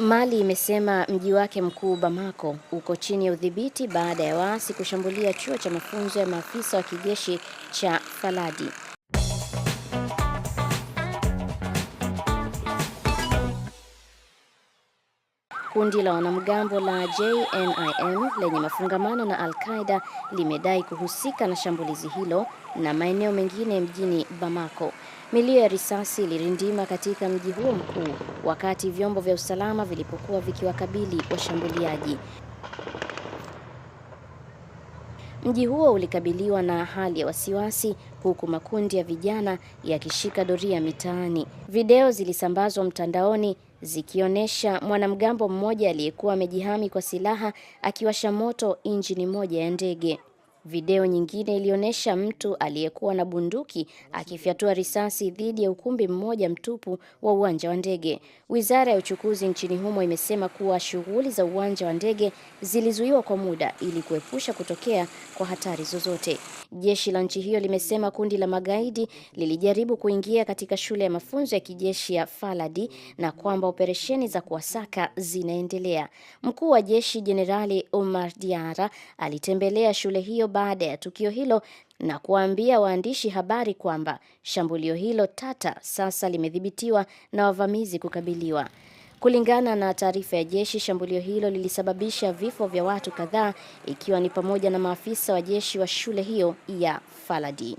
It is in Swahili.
Mali imesema mji wake mkuu Bamako uko chini ya udhibiti baada ya waasi kushambulia chuo cha mafunzo ya maafisa wa kijeshi cha Faladi. Kundi la wanamgambo la JNIM lenye mafungamano na Al-Qaeda limedai kuhusika na shambulizi hilo na maeneo mengine mjini Bamako. Milio ya risasi ilirindima katika mji huo mkuu wakati vyombo vya usalama vilipokuwa vikiwakabili washambuliaji. Mji huo ulikabiliwa na hali ya wasiwasi huku makundi ya vijana yakishika doria mitaani. Video zilisambazwa mtandaoni zikionyesha mwanamgambo mmoja aliyekuwa amejihami kwa silaha akiwasha moto injini moja ya ndege. Video nyingine ilionyesha mtu aliyekuwa na bunduki akifyatua risasi dhidi ya ukumbi mmoja mtupu wa uwanja wa ndege. Wizara ya uchukuzi nchini humo imesema kuwa shughuli za uwanja wa ndege zilizuiwa kwa muda ili kuepusha kutokea kwa hatari zozote. Jeshi la nchi hiyo limesema kundi la magaidi lilijaribu kuingia katika shule ya mafunzo ya kijeshi ya Faladi na kwamba operesheni za kuwasaka zinaendelea. Mkuu wa jeshi Jenerali Omar Diara alitembelea shule hiyo baada ya tukio hilo na kuwaambia waandishi habari kwamba shambulio hilo tata sasa limedhibitiwa na wavamizi kukabiliwa. Kulingana na taarifa ya jeshi, shambulio hilo lilisababisha vifo vya watu kadhaa, ikiwa ni pamoja na maafisa wa jeshi wa shule hiyo ya Faladi.